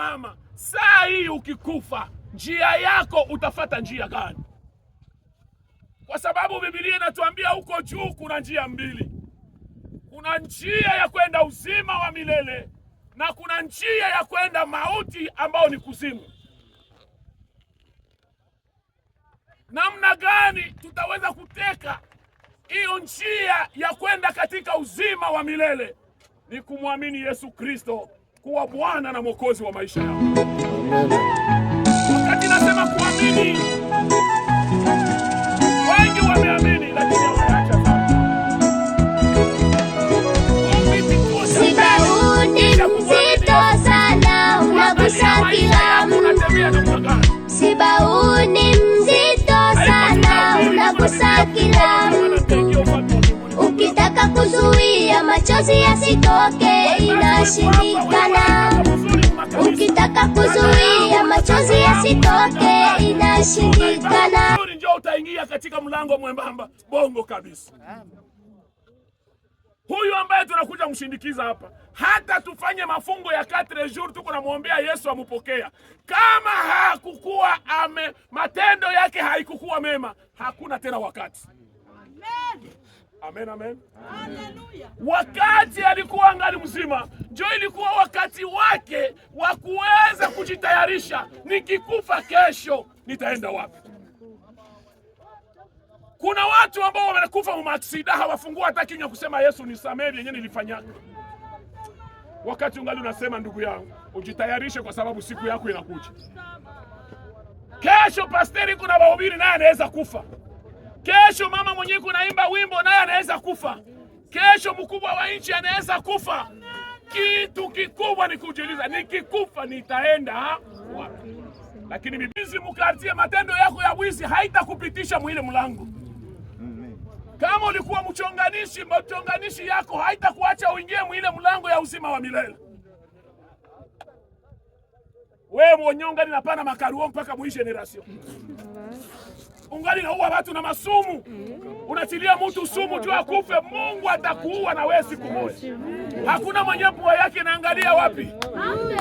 mama, saa hii ukikufa njia yako utafata njia gani? Kwa sababu Biblia inatuambia huko juu kuna njia mbili, kuna njia ya kwenda uzima wa milele na kuna njia ya kwenda mauti ambayo ni kuzimu. Namna gani tutaweza kuteka hiyo njia ya kwenda katika uzima wa milele? Ni kumwamini Yesu Kristo kuwa Bwana na Mwokozi wa maisha yao. Wakati nasema kuamini kuzuia machozi yasitoke, inashindikana. Ukitaka kuzuia machozi yasitoke, inashindikana. Njoo utaingia katika mlango mwembamba bongo kabisa. Huyu ambaye tunakuja mshindikiza hapa, hata tufanye mafungo ya 4 jours, tuko namwombea Yesu amupokea. Kama hakukuwa ame matendo yake haikukuwa mema, hakuna tena wakati. Amen. Amen, amen. Hallelujah. Wakati alikuwa ngali mzima, jo ilikuwa wakati wake wa kuweza kujitayarisha. Nikikufa kesho nitaenda wapi? Kuna watu ambao wamekufa umaksida, hawafungua hata kinywa kusema Yesu nisamehe vyenye nilifanyaka. Wakati ungali unasema, ndugu yangu, ujitayarishe kwa sababu siku yako inakuja. Kesho pasteri kuna wahubiri naye anaweza kufa Kesho mama mwenyewe kunaimba wimbo naye anaweza kufa, kesho mkubwa wa nchi anaweza kufa. Kitu kikubwa ni kujiuliza, nikikufa nitaenda wapi? Lakini mibizi mukartie, matendo yako ya wizi haitakupitisha mwile mlango. Kama ulikuwa mchonganishi, mchonganishi yako haitakuacha uingie mwile mlango ya uzima wa milele. Wewe mwonyonga ninapana makaruo mpaka mwishe rasio ungali naua watu na masumu mm. Unatilia mtu sumu juu akufe, Mungu atakuua na wewe siku moja. Hakuna mwenye pua yake naangalia wapi,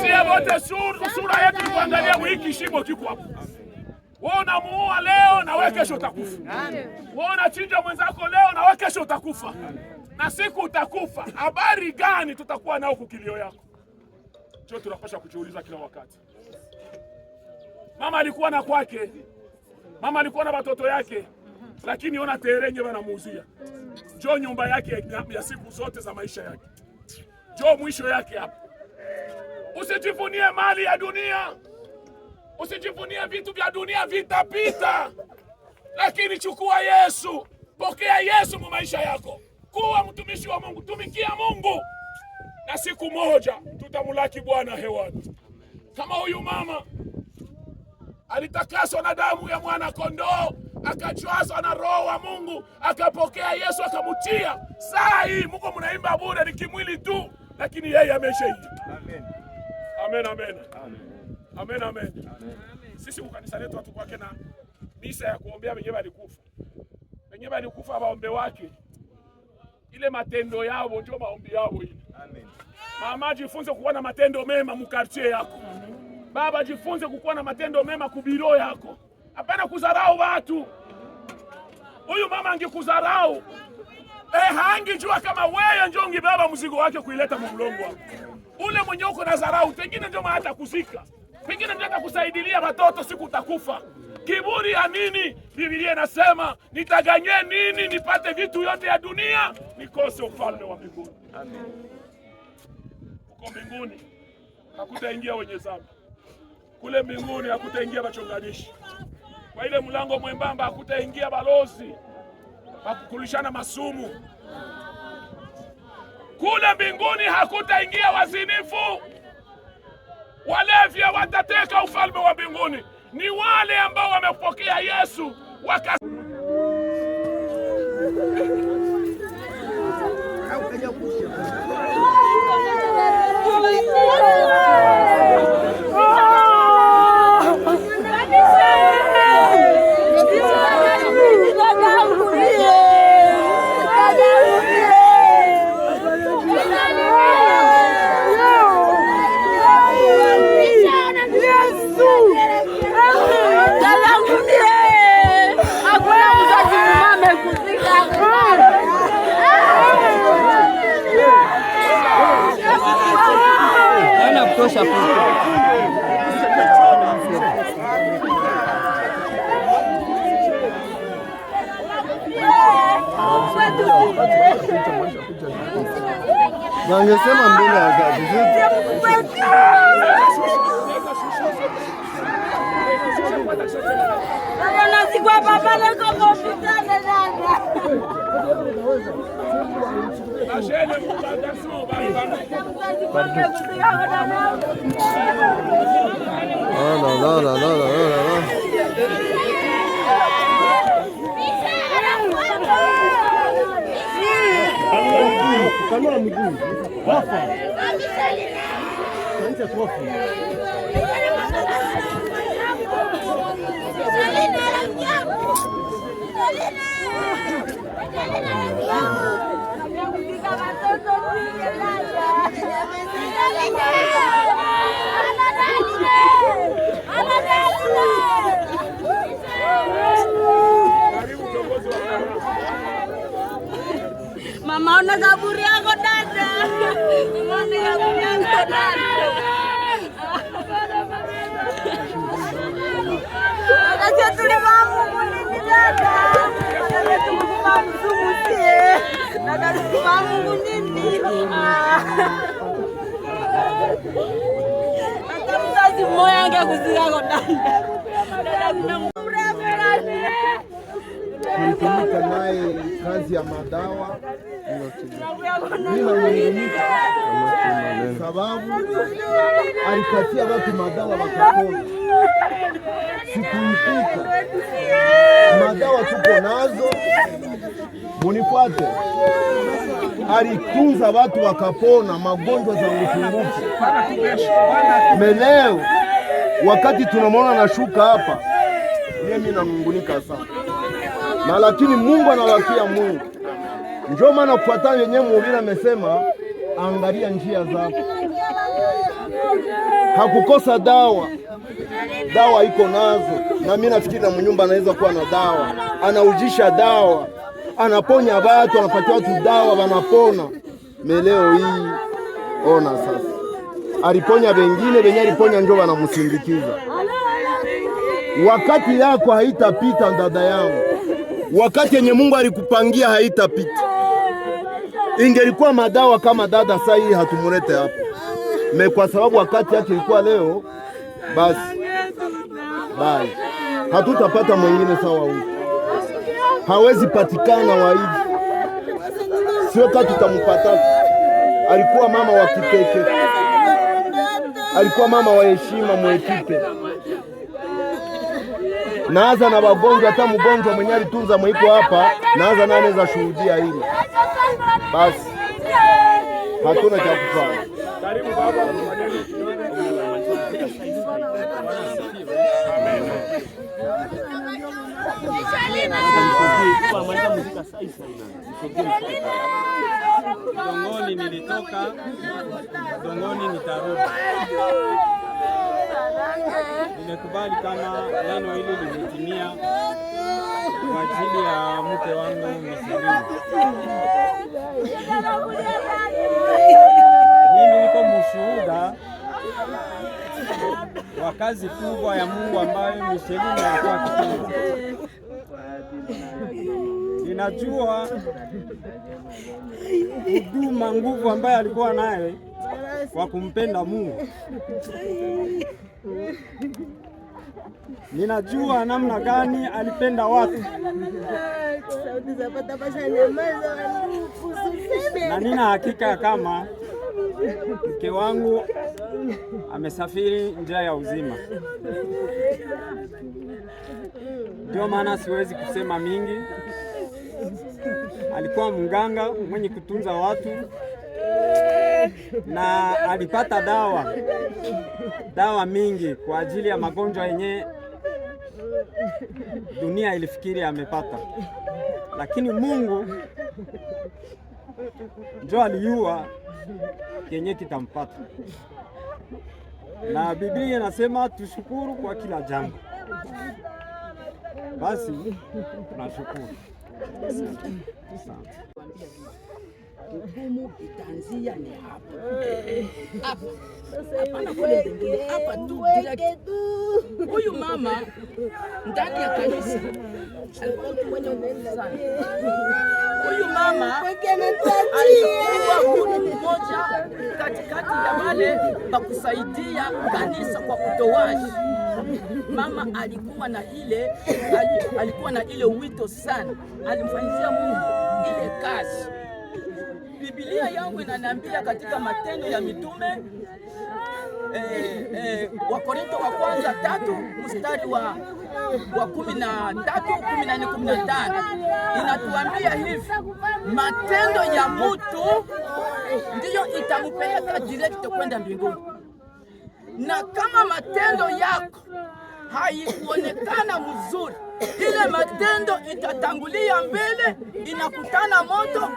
sie wote sura, sura yetu kuangalia wiki shimo kiko hapo. Wewe unamuua leo na wewe kesho utakufa. Wewe unachinja mwenzako leo na wewe kesho utakufa, na siku utakufa. Habari gani tutakuwa nao kukilio yako? Cho tunapasha kujiuliza kila wakati. Mama alikuwa na kwake Mama alikuwa na watoto yake, lakini ona terenye wanamuuzia jo nyumba yake ya, ya siku zote za maisha yake, jo mwisho yake hapo. Usijivunie mali ya dunia, usijivunie vitu vya dunia, vitapita. Lakini chukua Yesu, pokea Yesu mu maisha yako, kuwa mtumishi wa Mungu, tumikia Mungu na siku moja tutamulaki Bwana hewani kama huyu mama alitakaswa na damu ya mwana kondoo, akachwazwa na roho wa Mungu, akapokea Yesu akamutia. Saa hii Mungu mnaimba bure, ni kimwili tu, lakini yeye ameshaidi. Amen, amen, amen, amen, amen. Sisi kukanisa letu watu kwake na misa ya kuombea wenye walikufa, wenyewe walikufa, waombe wake ile matendo yao ndio maombi yao. Ile mama, jifunze kuona matendo mema mukartie yako. Baba, jifunze kukuwa na matendo mema kubiro yako, hapana kudharau watu. Huyu mama angikudharau eh, hangijua kama wewe ndio ungebeba mzigo wake kuileta mlongo wako ule mwenye uko na dharau, pengine ndio hata kuzika, pengine ndio hata kusaidilia watoto, siku utakufa. Kiburi ya nini? Biblia inasema nitaganye nini nipate vitu yote ya dunia nikose ufalme wa mbinguni? Amen. Uko mbinguni hakutaingia wenye dhambi kule mbinguni hakutaingia wachunganishi, kwa ile mlango mwembamba hakutaingia balozi wa kukulishana masumu. Kule mbinguni hakutaingia wazinifu, walevya watateka ufalme wa mbinguni. Ni wale ambao wamepokea Yesu waka No, no, aga. la hola, no, hola, hola. Tá no Mama una zaburi Tulitumika naye kazi ya madawa bila uaminifu, sababu alipatia watu madawa wakapona. Sikuitika madawa tuko nazo, munifuate. Alitunza watu wakapona magonjwa za usumbufu. Meleo wakati tunamwona anashuka hapa, mimi nanungunika sana na, lakini Mungu analakia Mungu ndio maana kufuatana yenye muhubiri amesema, angalia njia zako. Hakukosa dawa, dawa iko nazo, na mimi nafikiri na mnyumba anaweza kuwa na dawa, anaujisha dawa, anaponya watu, anapatia watu dawa, wanapona. Meleo hii ona sasa, aliponya wengine, wenye aliponya njo wanamusindikiza. Wakati yako haitapita, dada yangu, wakati yenye Mungu alikupangia haitapita. Ingelikuwa madawa kama dada saa hii hatumulete hapa me, kwa sababu wakati yake ilikuwa leo, basi bye, hatutapata mwingine sawa huyu, hawezi patikana wa hivi, sio kati tutamupata. Alikuwa mama wa kipekee, alikuwa mama wa heshima mwekipe naaza na wagonjwa, hata mgonjwa mwenye alitunza mwiko hapa, naaza na anaweza shuhudia hili. Basi hatuna cha kufanya. Karibu baba. Dongoni nilitoka, Dongoni nitarudi. Nimekubali kama neno hili limetimia kwa ajili ya mke wangu Misilima. Mimi niko mshuhuda wa kazi kubwa ya Mungu ambayo Misilima alikuwa akifanya. Ninajua huduma, nguvu ambayo alikuwa naye wa kumpenda Mungu. Ninajua namna gani alipenda watu na nina hakika kama mke wangu amesafiri njia ya uzima. Ndio maana siwezi kusema mingi. Alikuwa mganga mwenye kutunza watu na alipata dawa dawa mingi kwa ajili ya magonjwa yenye dunia ilifikiri amepata, lakini Mungu ndio aliua yenye kitampata, na Biblia inasema tushukuru kwa kila jambo. Basi tunashukuru hukumu itaanzia ni hapa eh. hapa, hapana kule mbinguni, hapa tu. Huyu mama ndani ya kanisa alikuwa Huyu mama alikuwa mtu mmoja katikati ya wale wa kusaidia kanisa kwa utoaji. Mama alikuwa na ile alikuwa na ile wito sana, alimfanyizia Mungu ile kazi Biblia yangu inaniambia katika Matendo ya Mitume eh, eh, wa Korinto wa kwanza tatu mstari wa wa kumi na tatu kumi na nne kumi na tano inatuambia hivi, matendo ya mtu ndiyo itamupeleka direct kwenda mbinguni, na kama matendo yako haikuonekana mzuri ile matendo itatangulia mbele, inakutana moto,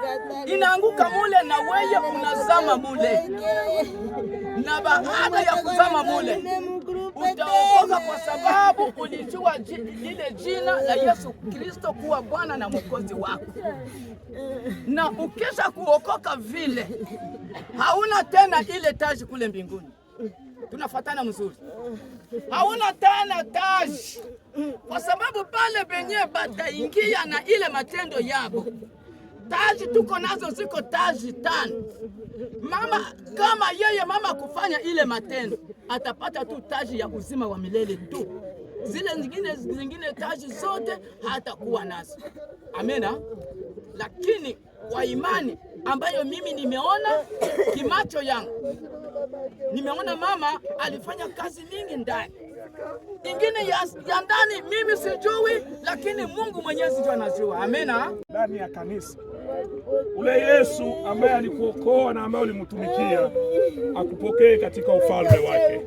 inaanguka mule, na weye unazama mule, na baada ya kuzama mule utaokoka kwa sababu ulijua lile jina la Yesu Kristo kuwa Bwana na Mwokozi wako. Na ukisha kuokoka vile, hauna tena ile taji kule mbinguni tunafatana mzuri, hauna tena taji, kwa sababu pale benye bataingia na ile matendo yabo taji tuko nazo ziko taji tano. Mama kama yeye mama kufanya ile matendo atapata tu taji ya uzima wa milele tu, zile zingine zingine taji zote hatakuwa nazo. Amena. Ah? Lakini kwa imani ambayo mimi nimeona kimacho yangu Nimeona mama alifanya kazi mingi ndani, ingine ya, ya ndani mimi sijui, lakini Mungu mwenyezi ndiye anajua. Amina. Ndani ya kanisa ule Yesu ambaye alikuokoa na ambaye ulimtumikia akupokee katika ufalme wake.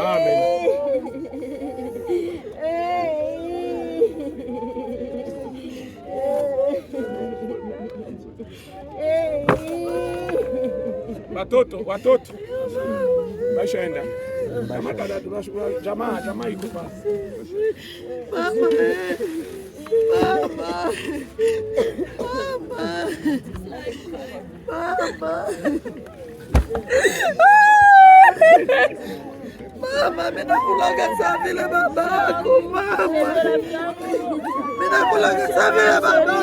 Amen. watoto watoto, maisha yaenda. Jamaa jamaa iko pale, mama, minakulaga saa vile babako, mama, minakulaga saa vile babako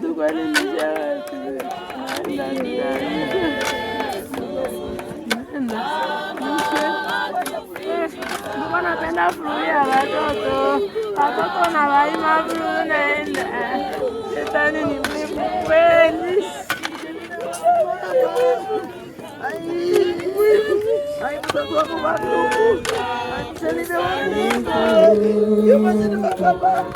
tukwani nilikuwa napenda furu ya watoto eh, Ayo, ayo, ayo furu naenda shetani ayo mwivu kweli Thank you.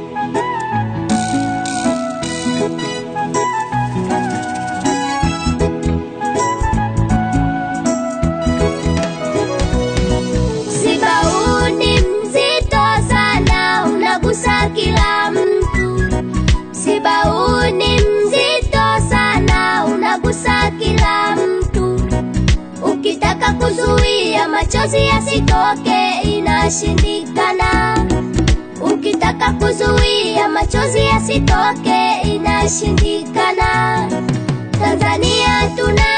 machozi yasitoke inashindikana. Ukitaka kuzuia machozi yasitoke inashindikana. Tanzania tuna